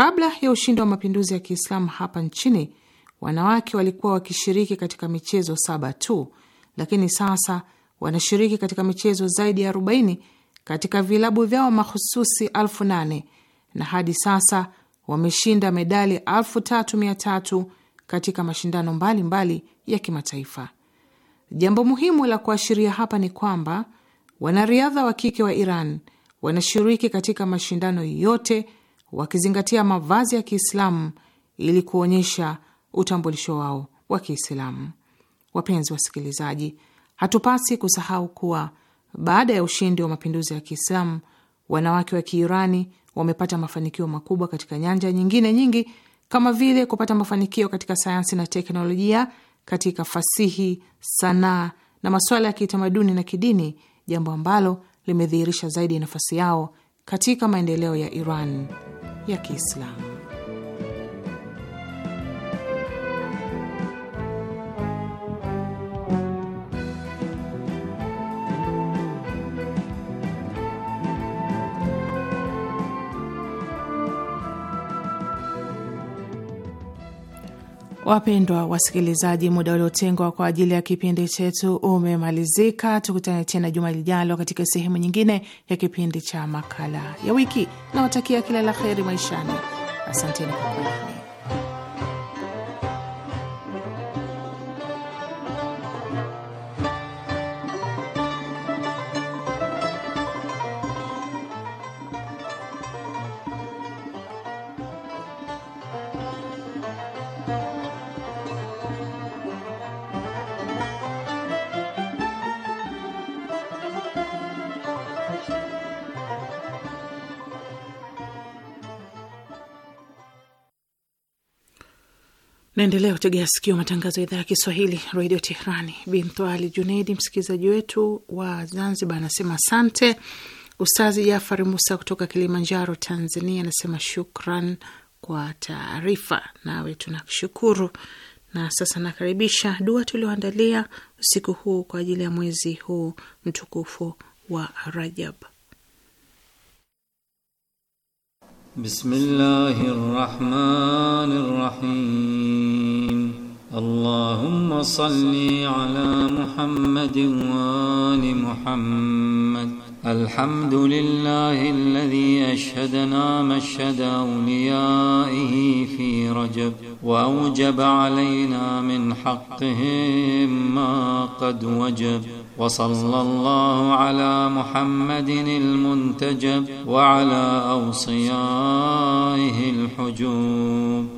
Kabla ya ushindi wa mapinduzi ya Kiislamu hapa nchini, wanawake walikuwa wakishiriki katika michezo saba tu, lakini sasa wanashiriki katika michezo zaidi ya 40 katika vilabu vyao mahususi elfu nane na hadi sasa wameshinda medali elfu tatu mia tatu katika mashindano mbalimbali mbali ya kimataifa. Jambo muhimu la kuashiria hapa ni kwamba wanariadha wa kike wa Iran wanashiriki katika mashindano yote wakizingatia mavazi ya Kiislamu ili kuonyesha utambulisho wao wa Kiislamu. Wapenzi wasikilizaji, hatupasi kusahau kuwa baada ya ushindi wa mapinduzi ya Kiislamu, wanawake wa Kiirani wamepata mafanikio makubwa katika nyanja nyingine nyingi kama vile kupata mafanikio katika sayansi na teknolojia, katika fasihi, sanaa na masuala ya kitamaduni na kidini, jambo ambalo limedhihirisha zaidi nafasi yao katika maendeleo ya Iran ya Kiislamu. Wapendwa wasikilizaji, muda uliotengwa kwa ajili ya kipindi chetu umemalizika. Tukutane tena juma lijalo katika sehemu nyingine ya kipindi cha makala ya wiki. Nawatakia kila la heri maishani. Asanteni kwa kuwa nami. Naendelea kutegea sikio matangazo ya idhaa ya Kiswahili redio Tehrani. Binthwali junaidi msikilizaji wetu wa Zanzibar, anasema asante. Ustazi Jafari Musa kutoka Kilimanjaro, Tanzania, anasema shukran kwa taarifa. Nawe tunashukuru Na sasa nakaribisha dua tulioandalia usiku huu kwa ajili ya mwezi huu mtukufu wa Rajab. بسم الله الرحمن الرحيم اللهم صل على محمد وآل محمد الحمد لله الذي أشهدنا مشهد أوليائه في رجب وأوجب علينا من حقهم ما قد وجب وصلى الله على محمد المنتجب وعلى أوصيائه الحجوب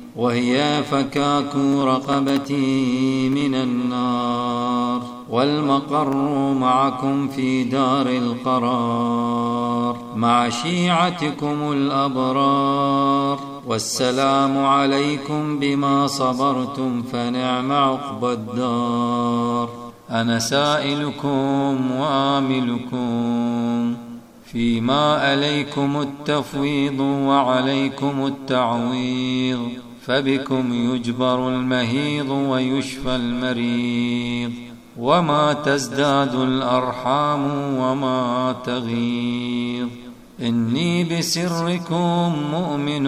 وهي فكاك رقبتي من النار والمقر معكم في دار القرار مع شيعتكم الأبرار والسلام عليكم بما صبرتم فنعم عقب الدار أنا سائلكم وآملكم فيما عليكم التفويض وعليكم التعويض فبكم يجبر المهيض ويشفى المريض وما تزداد الأرحام وما تغيظ إني بسركم مؤمن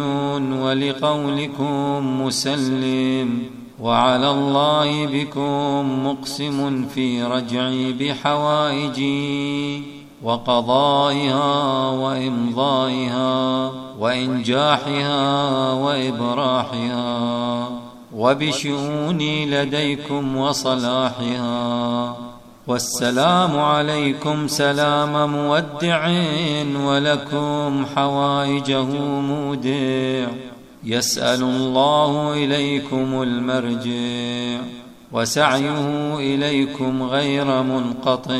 ولقولكم مسلم وعلى الله بكم مقسم في رجعي بحوائجي وقضائها وامضائها وانجاحها وابراحها وبشؤوني لديكم وصلاحها والسلام عليكم سلام مودع ولكم حوائجه مودع يسال الله اليكم المرجع وسعيه اليكم غير منقطع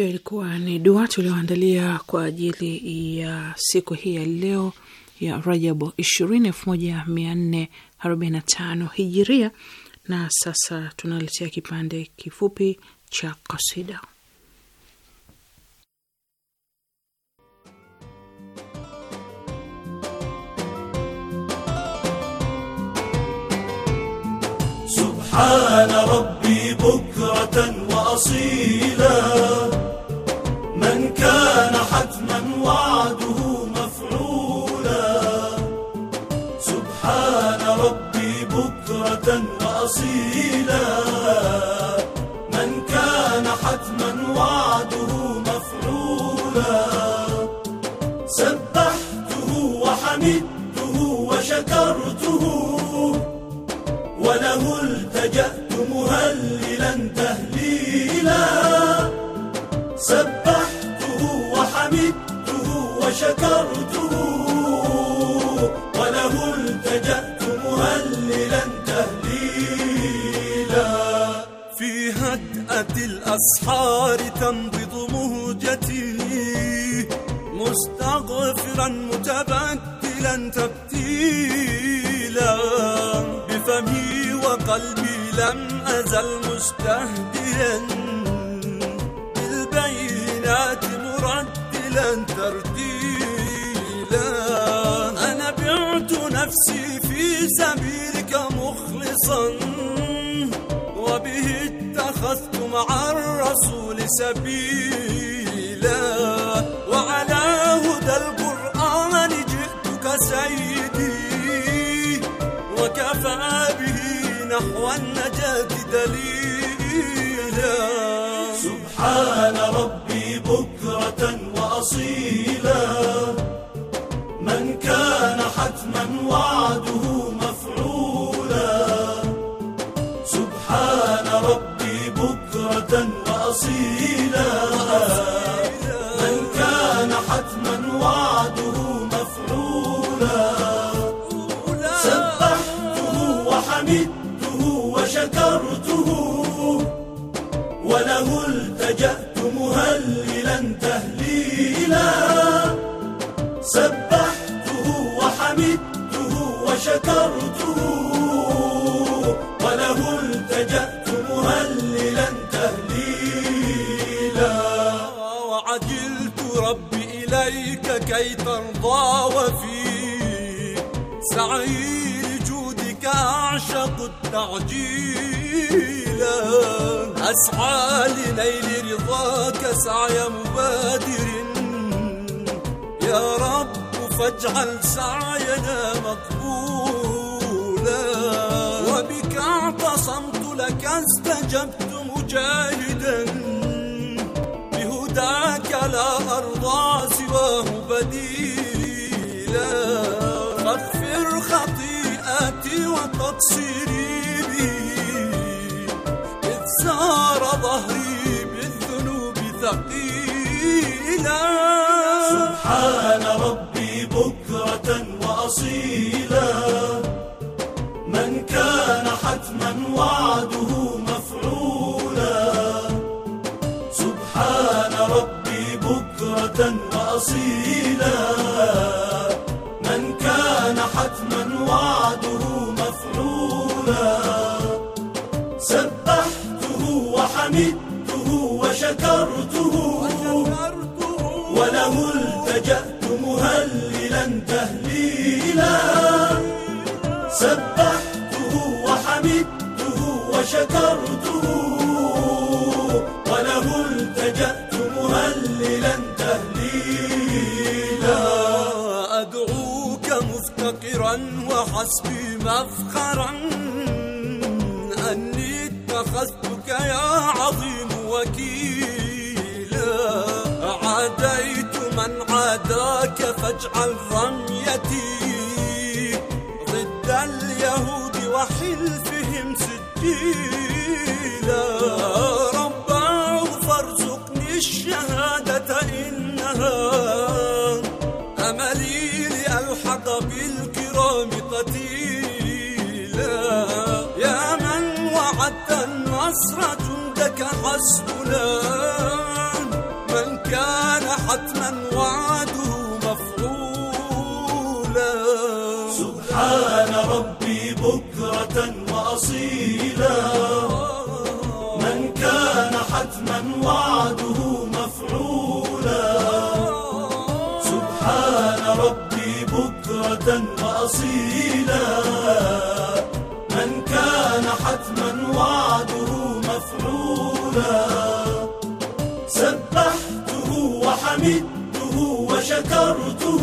Hiyo ilikuwa ni dua tulioandalia kwa ajili ya siku hii ya leo ya Rajabu ishirini elfu moja mia nne arobaini na tano hijiria. Na sasa tunaletea kipande kifupi cha kasida. من كان حتما وعده مفعولا سبحان ربي بكرة وأصيلا شكرته وله التجأت مهللا تهليلا في هدأة الأسحار تنبض مهجتي مستغفرا متبدلا تبتيلا بفمي وقلبي لم أزل مستهديا بالبينات مرد عاجلا ترتيلا أنا بعت نفسي في سبيلك مخلصا وبه اتخذت مع الرسول سبيلا وعلى هدى القرآن جئتك سيدي وكفى به نحو النجاة دليلا أصيلا من كان حتما وعلا تعجيلا أسعى لنيل رضاك سعي مبادر يا رب فاجعل سعينا مقبولا وبك اعتصمت لك استجبت مجاهدا بهداك لا أرضى سواه بديلا غفر خطيئتي وتقصيري سبحان ربي بكرة وأصيلا من كان حتما وعده مفعولا سبحان ربي بكرة وأصيلا شكرته وله التجأت مهللا تهليلا أدعوك مفتقرا وحسبي مفخرا أني اتخذتك يا عظيم وكيلا عاديت من عاداك فاجعل ظني حتى النصرة لك حسبنا من كان حتما وعده مفعولا سبحان ربي بكرة وأصيلا من كان حتما وعده مفعولا سبحان ربي بكرة وأصيلا من كان حتما وعده مفعولا سبحته وحمدته وشكرته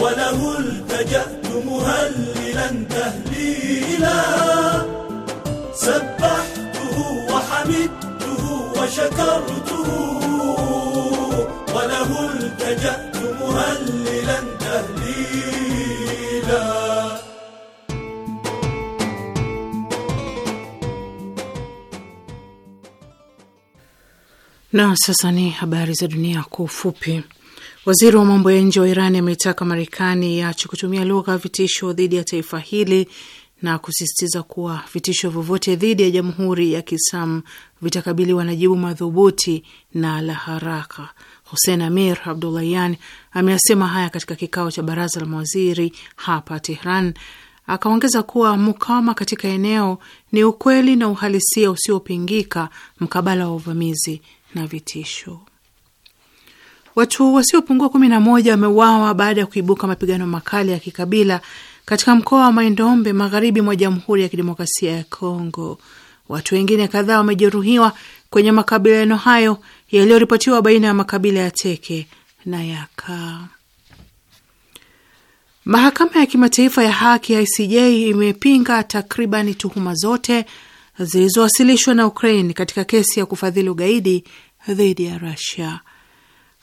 وله التجأت مهللا تهليلا سبحته وحمدته وشكرته وله التجأت مهللا Na sasa ni habari za dunia kwa ufupi. Waziri wa mambo ya nje wa iran ameitaka Marekani iache kutumia lugha ya vitisho dhidi ya taifa hili na kusisitiza kuwa vitisho vyovyote dhidi ya jamhuri ya Kiislamu vitakabiliwa na jibu madhubuti na la haraka. Hussein Amir Abdullahian ameyasema haya katika kikao cha baraza la mawaziri hapa Tehran. Akaongeza kuwa mukawama katika eneo ni ukweli na uhalisia usiopingika mkabala wa uvamizi na vitisho. Watu wasiopungua kumi na moja wameuawa baada ya kuibuka mapigano makali ya kikabila katika mkoa wa Maindombe, magharibi mwa Jamhuri ya Kidemokrasia ya Kongo. Watu wengine kadhaa wamejeruhiwa kwenye makabiliano hayo yaliyoripotiwa baina ya makabila ya Teke na Yaka. Mahakama ya Kimataifa ya Haki ya ICJ imepinga takribani tuhuma zote zilizowasilishwa na Ukraine katika kesi ya kufadhili ugaidi dhidi ya Rusia.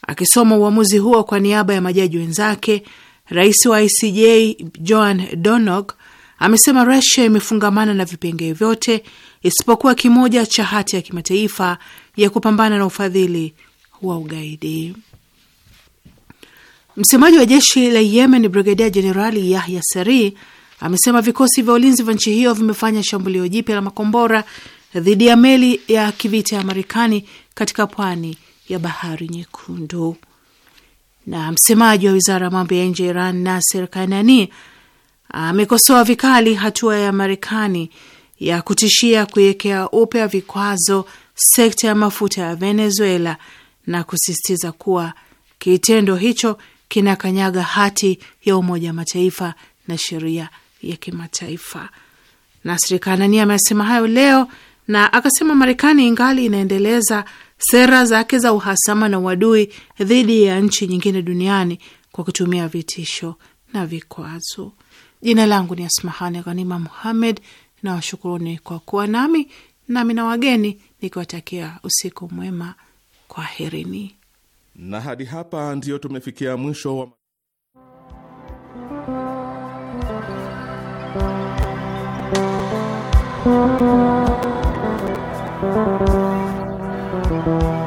Akisoma uamuzi huo kwa niaba ya majaji wenzake, rais wa ICJ John Donog amesema Rusia imefungamana na vipengee vyote isipokuwa kimoja cha hati ya kimataifa ya kupambana na ufadhili wa ugaidi. Msemaji wa jeshi la Yemen, Brigedia Jenerali Yahya Sari amesema vikosi vya ulinzi vya nchi hiyo vimefanya shambulio jipya la makombora dhidi ya meli ya kivita ya Marekani katika pwani ya bahari Nyekundu. Na msemaji wa wizara ya mambo ya nje ya Iran, naser Kanani, amekosoa vikali hatua ya Marekani ya kutishia kuiwekea upya vikwazo sekta ya mafuta ya Venezuela na kusisitiza kuwa kitendo hicho kinakanyaga hati ya Umoja wa Mataifa na sheria ya kimataifa. Nasri Kanani amesema hayo leo na akasema Marekani ingali inaendeleza sera zake za uhasama na uadui dhidi ya nchi nyingine duniani kwa kutumia vitisho na vikwazo. Jina langu ni Asmahani Ghanima Muhammed na washukuruni kwa kuwa nami nami na wageni nikiwatakia usiku mwema, kwaherini. Na hadi hapa ndiyo tumefikia mwisho wa Thank you.